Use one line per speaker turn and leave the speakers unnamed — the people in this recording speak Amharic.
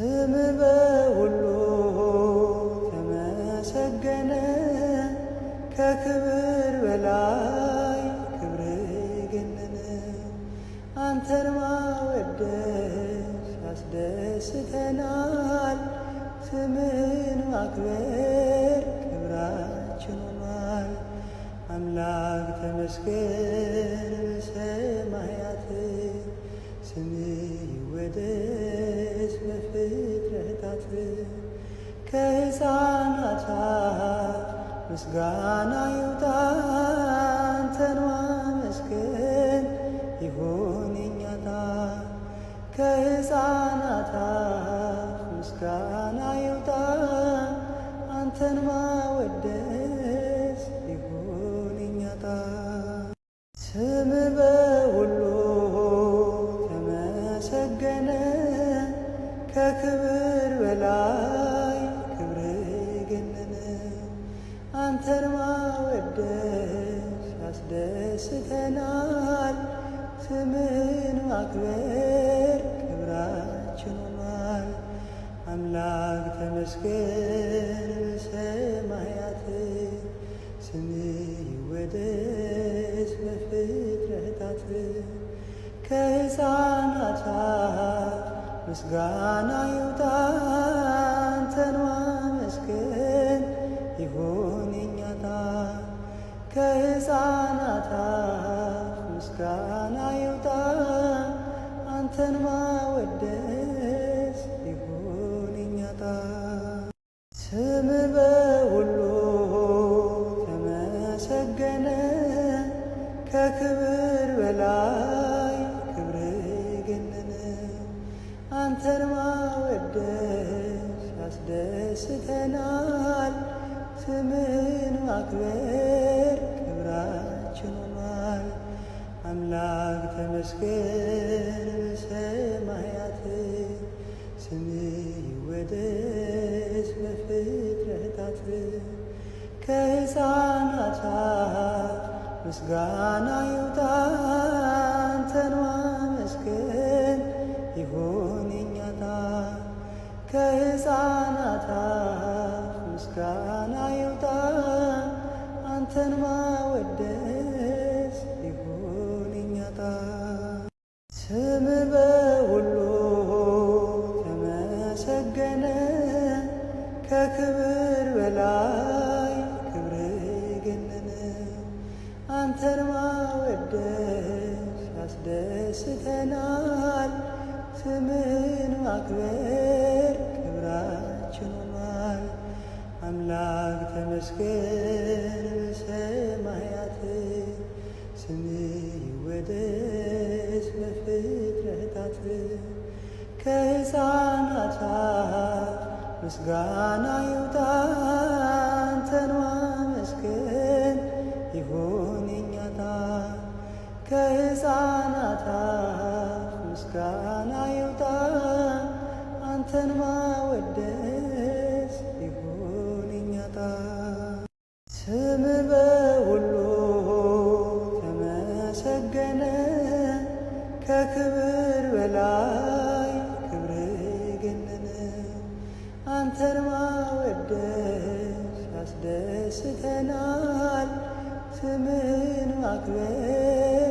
ስም በሁሉ ተመሰገነ፣ ከክብር በላይ ክብር ገነነ። አንተን ማወደስ ያስደስተናል፣ ስምን ማክበር ክብራችን ሆኗል። አምላክ ተመስገን በሰማያት ስም ይወደስ በረከት ከሕፃናት ምስጋና ይውጣ አንተን ማመስገን ይሁን የእኛ ምስጋና ይውጣ አንተን በላይ ክብር ገነነ አንተን ማወደስ ያስደስተናል። ስምን ማክበር ክብራችን ሆኗል። አምላክ ተመስገን በሰማያት ስም ይወደስ በፍጥረታት ከሕፃናት ምስጋና ይውጣ አንተን ማመስገን ይሁን የእኛ ጣር ምስጋና ይውጣ አንተን ማወደስ ይሁን የእኛ ስም በሁሉ ተመሰገነ ከክብር በላይ ወደሽ አስደስተናል። ስምን ማክበር ክብራችን ሆኗል። አምላክ ተመስገን በሰማያት ስም ይወደስ በፍጥረታት ከሕፃናት ምስጋና ይውጣ ከክብር በላይ ክብር ገነነ አንተን ማወደስ ያስደስተናል። ስምን ማክበር ክብራችን ሆኗል። አምላክ ተመስገን በሰማያት ስም ይወደስ በፍጥረታት ከሕፃናት ምስጋና ይውጣ አንተን ማመስገን ይሁን የእኛ ዕጣ ምስጋና ይውጣ አንተን ማወደስ ይሁን የእኛ ዕጣ በሁሉ ተመሰገነ ከክብር በላይ መወደስ ያስደስተናል ስምን ማክበር